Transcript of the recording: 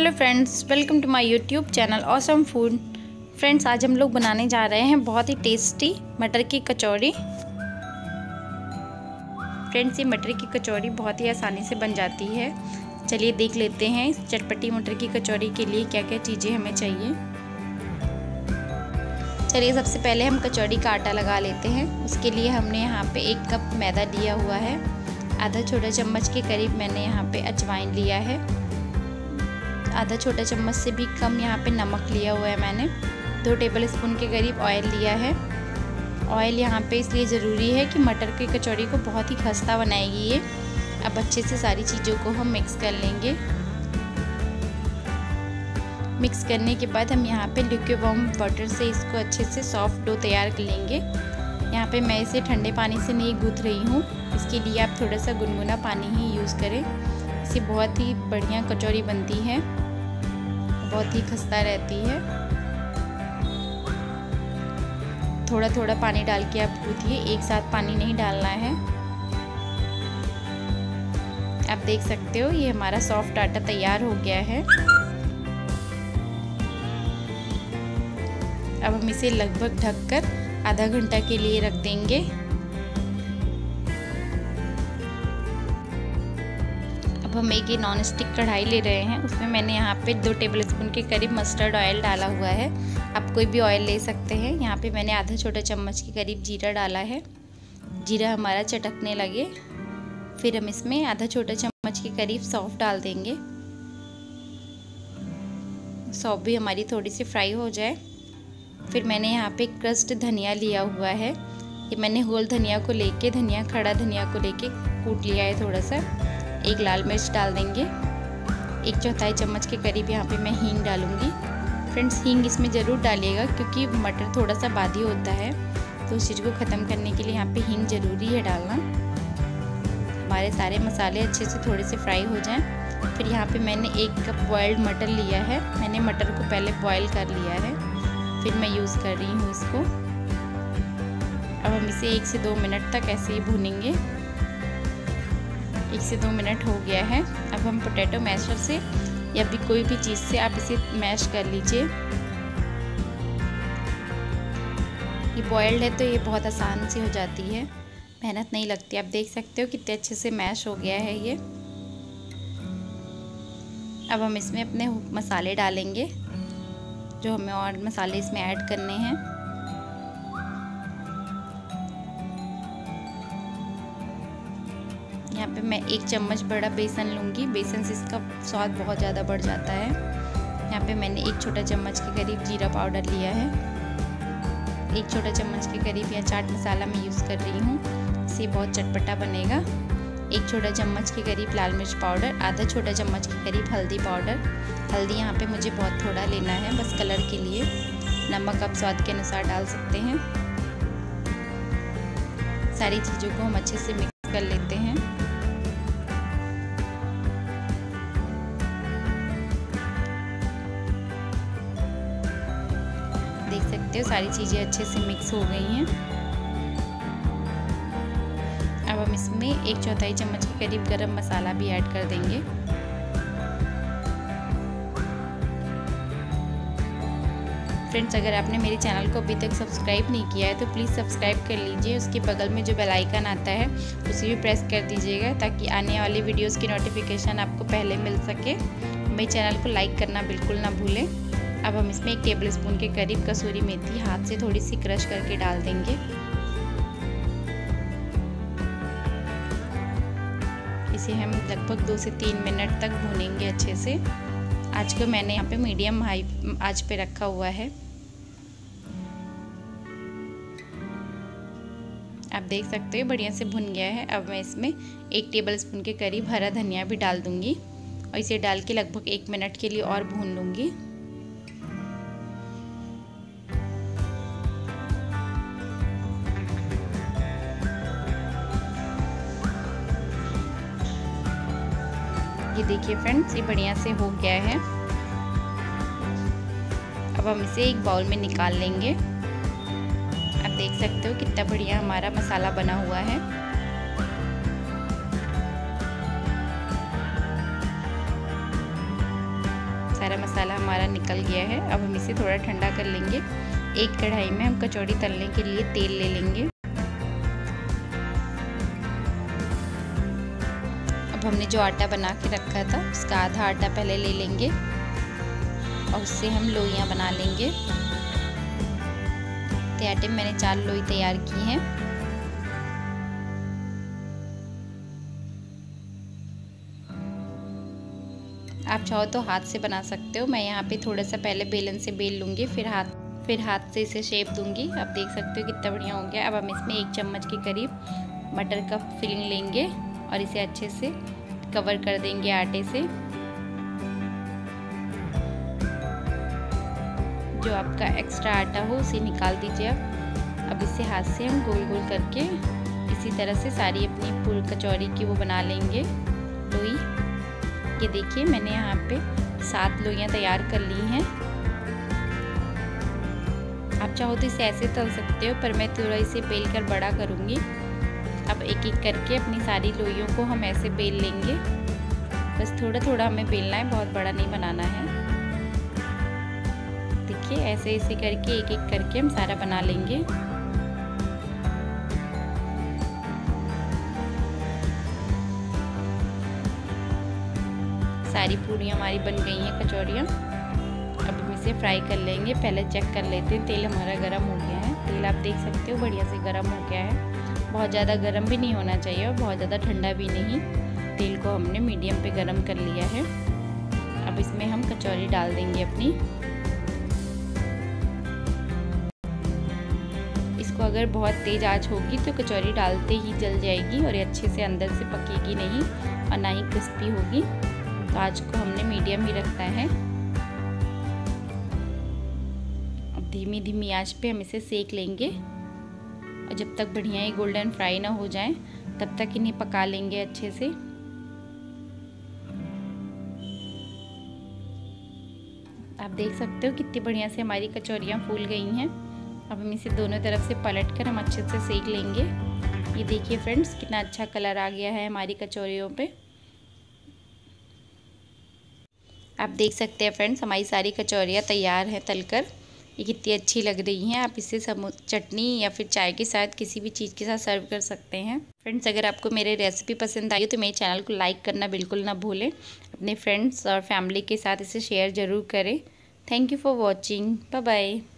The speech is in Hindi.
hello friends welcome to my YouTube channel awesome food friends आज हम लोग बनाने जा रहे हैं बहुत ही टेस्टी मटर की कचौड़ी फ्रेंड्स ये मटर की कचौड़ी बहुत ही आसानी से बन जाती है चलिए देख लेते हैं इस चटपटी मटर की कचौड़ी के लिए क्या क्या चीज़ें हमें चाहिए चलिए सबसे पहले हम कचौड़ी का आटा लगा लेते हैं उसके लिए हमने यहाँ पर एक कप मैदा लिया हुआ है आधा छोटा चम्मच के करीब मैंने यहाँ पर अजवाइन लिया है आधा छोटा चम्मच से भी कम यहाँ पे नमक लिया हुआ है मैंने दो टेबल स्पून के करीब ऑयल लिया है ऑयल यहाँ पे इसलिए ज़रूरी है कि मटर की कचौड़ी को बहुत ही खस्ता बनाएगी ये अब अच्छे से सारी चीज़ों को हम मिक्स कर लेंगे मिक्स करने के बाद हम यहाँ पे लिक्विड वॉम वाटर से इसको अच्छे से सॉफ्ट डो तैयार कर लेंगे यहाँ पे मैं इसे ठंडे पानी से नहीं गूँथ रही हूँ इसके लिए आप थोड़ा सा गुनगुना पानी ही यूज़ करें इससे बहुत ही बढ़िया कचौड़ी बनती है बहुत ही खस्ता रहती है थोड़ा थोड़ा पानी डाल के आप गूंथिए एक साथ पानी नहीं डालना है आप देख सकते हो ये हमारा सॉफ्ट आटा तैयार हो गया है अब हम इसे लगभग ढककर आधा घंटा के लिए रख देंगे अब हम एक ये नॉन स्टिक कढ़ाई ले रहे हैं उसमें मैंने यहाँ पे दो टेबल स्पून के करीब मस्टर्ड ऑयल डाला हुआ है आप कोई भी ऑयल ले सकते हैं यहाँ पे मैंने आधा छोटा चम्मच के करीब जीरा डाला है जीरा हमारा चटकने लगे फिर हम इसमें आधा छोटा चम्मच के करीब सौंफ डाल देंगे सौंफ भी हमारी थोड़ी सी फ्राई हो जाए फिर मैंने यहाँ पर क्रस्ट धनिया लिया हुआ है ये मैंने होल धनिया को लेके धनिया खड़ा धनिया को लेके कूट लिया है थोड़ा सा एक लाल मिर्च डाल देंगे एक चौथाई चम्मच के करीब यहाँ पे मैं हींग डालूँगी फ्रेंड्स हींग इसमें ज़रूर डालिएगा क्योंकि मटर थोड़ा सा बादी होता है तो उस चीज़ को ख़त्म करने के लिए यहाँ पे हींग ज़रूरी है डालना हमारे सारे मसाले अच्छे से थोड़े से फ्राई हो जाएं फिर यहाँ पे मैंने एक कप बॉयल्ड मटर लिया है मैंने मटर को पहले बॉयल कर लिया है फिर मैं यूज़ कर रही हूँ इसको अब हम इसे एक से दो मिनट तक ऐसे ही भूनेंगे एक से दो मिनट हो गया है अब हम पोटैटो मैशर से या भी कोई भी चीज़ से आप इसे मैश कर लीजिए ये बॉयल्ड है तो ये बहुत आसान सी हो जाती है मेहनत नहीं लगती आप देख सकते हो कितने अच्छे से मैश हो गया है ये अब हम इसमें अपने मसाले डालेंगे जो हमें और मसाले इसमें ऐड करने हैं पे मैं एक चम्मच बड़ा बेसन लूँगी बेसन से इसका स्वाद बहुत ज़्यादा बढ़ जाता है यहाँ पे मैंने एक छोटा चम्मच के करीब जीरा पाउडर लिया है एक छोटा चम्मच के करीब यहाँ चाट मसाला मैं यूज़ कर रही हूँ इससे बहुत चटपटा बनेगा एक छोटा चम्मच के करीब लाल मिर्च पाउडर आधा छोटा चम्मच के करीब हल्दी पाउडर हल्दी यहाँ पे मुझे बहुत थोड़ा लेना है बस कलर के लिए नमक आप स्वाद के अनुसार डाल सकते हैं सारी चीज़ों को हम अच्छे से मिक्स कर लेते हैं सकते हो सारी चीज़ें अच्छे से मिक्स हो गई हैं अब हम इसमें एक चौथाई चम्मच के करीब गरम मसाला भी ऐड कर देंगे फ्रेंड्स अगर आपने मेरे चैनल को अभी तक सब्सक्राइब नहीं किया है तो प्लीज़ सब्सक्राइब कर लीजिए उसके बगल में जो बेल आइकन आता है उसे भी प्रेस कर दीजिएगा ताकि आने वाली वीडियोस की नोटिफिकेशन आपको पहले मिल सके मेरे चैनल को लाइक करना बिल्कुल ना भूलें अब हम इसमें एक टेबल स्पून के करीब कसूरी मेथी हाथ से थोड़ी सी क्रश करके डाल देंगे इसे हम लगभग दो से तीन मिनट तक भूनेंगे अच्छे से आज को मैंने यहाँ पे मीडियम हाई आज पे रखा हुआ है आप देख सकते हो बढ़िया से भुन गया है अब मैं इसमें एक टेबल स्पून के करीब हरा धनिया भी डाल दूंगी और इसे डाल के लगभग एक मिनट के लिए और भून लूँगी ये देखिए फ्रेंड्स ये बढ़िया से हो गया है अब हम इसे एक बाउल में निकाल लेंगे आप देख सकते हो कितना बढ़िया हमारा मसाला बना हुआ है सारा मसाला हमारा निकल गया है अब हम इसे थोड़ा ठंडा कर लेंगे एक कढ़ाई में हम कचौड़ी तलने के लिए तेल ले लेंगे अब हमने जो आटा बना के रखा था उसका आधा आटा पहले ले लेंगे और उससे हम लोइयाँ बना लेंगे तो आटे में मैंने चार लोई तैयार की हैं आप चाहो तो हाथ से बना सकते हो मैं यहाँ पे थोड़ा सा पहले बेलन से बेल लूँगी फिर हाथ फिर हाथ से इसे शेप दूंगी आप देख सकते हो कितना बढ़िया हो गया अब हम इसमें एक चम्मच के करीब मटर का फिलिंग लेंगे और इसे अच्छे से कवर कर देंगे आटे से जो आपका एक्स्ट्रा आटा हो उसे निकाल दीजिए आप अब इसे हाथ से हम गोल गोल करके इसी तरह से सारी अपनी पुल कचौरी की वो बना लेंगे लोई तो ये देखिए मैंने यहाँ पे सात लोइयाँ तैयार कर ली हैं आप चाहो तो इसे ऐसे तल सकते हो पर मैं थोड़ा इसे बेल कर बड़ा करूँगी अब एक एक करके अपनी सारी लोइयों को हम ऐसे बेल लेंगे बस थोड़ा थोड़ा हमें बेलना है बहुत बड़ा नहीं बनाना है देखिए ऐसे ऐसे करके एक एक करके हम सारा बना लेंगे सारी पूड़ियाँ हमारी बन गई हैं कचौरियाँ अब हम इसे फ्राई कर लेंगे पहले चेक कर लेते हैं तेल हमारा गर्म हो गया है तेल आप देख सकते हो बढ़िया से गर्म हो गया है बहुत ज़्यादा गर्म भी नहीं होना चाहिए और बहुत ज़्यादा ठंडा भी नहीं तेल को हमने मीडियम पे गर्म कर लिया है अब इसमें हम कचौरी डाल देंगे अपनी इसको अगर बहुत तेज़ आँच होगी तो कचौरी डालते ही जल जाएगी और ये अच्छे से अंदर से पकेगी नहीं और ना ही क्रिस्पी होगी तो आँच को हमने मीडियम ही रखना है अब धीमी धीमी आँच पे हम इसे सेक लेंगे और जब तक बढ़िया ही गोल्डन फ्राई ना हो जाए तब तक इन्हें पका लेंगे अच्छे से आप देख सकते हो कितनी बढ़िया से हमारी कचौरियाँ फूल गई हैं अब हम इसे दोनों तरफ से पलट कर हम अच्छे से सेक लेंगे ये देखिए फ्रेंड्स कितना अच्छा कलर आ गया है हमारी कचौरियों पे आप देख सकते हैं फ्रेंड्स हमारी सारी कचौरियाँ तैयार हैं तलकर ये कितनी अच्छी लग रही है आप इसे समो चटनी या फिर चाय के साथ किसी भी चीज़ के साथ सर्व कर सकते हैं फ्रेंड्स अगर आपको मेरे रेसिपी पसंद आई तो मेरे चैनल को लाइक करना बिल्कुल ना भूलें अपने फ्रेंड्स और फैमिली के साथ इसे शेयर ज़रूर करें thank you for watching bye bye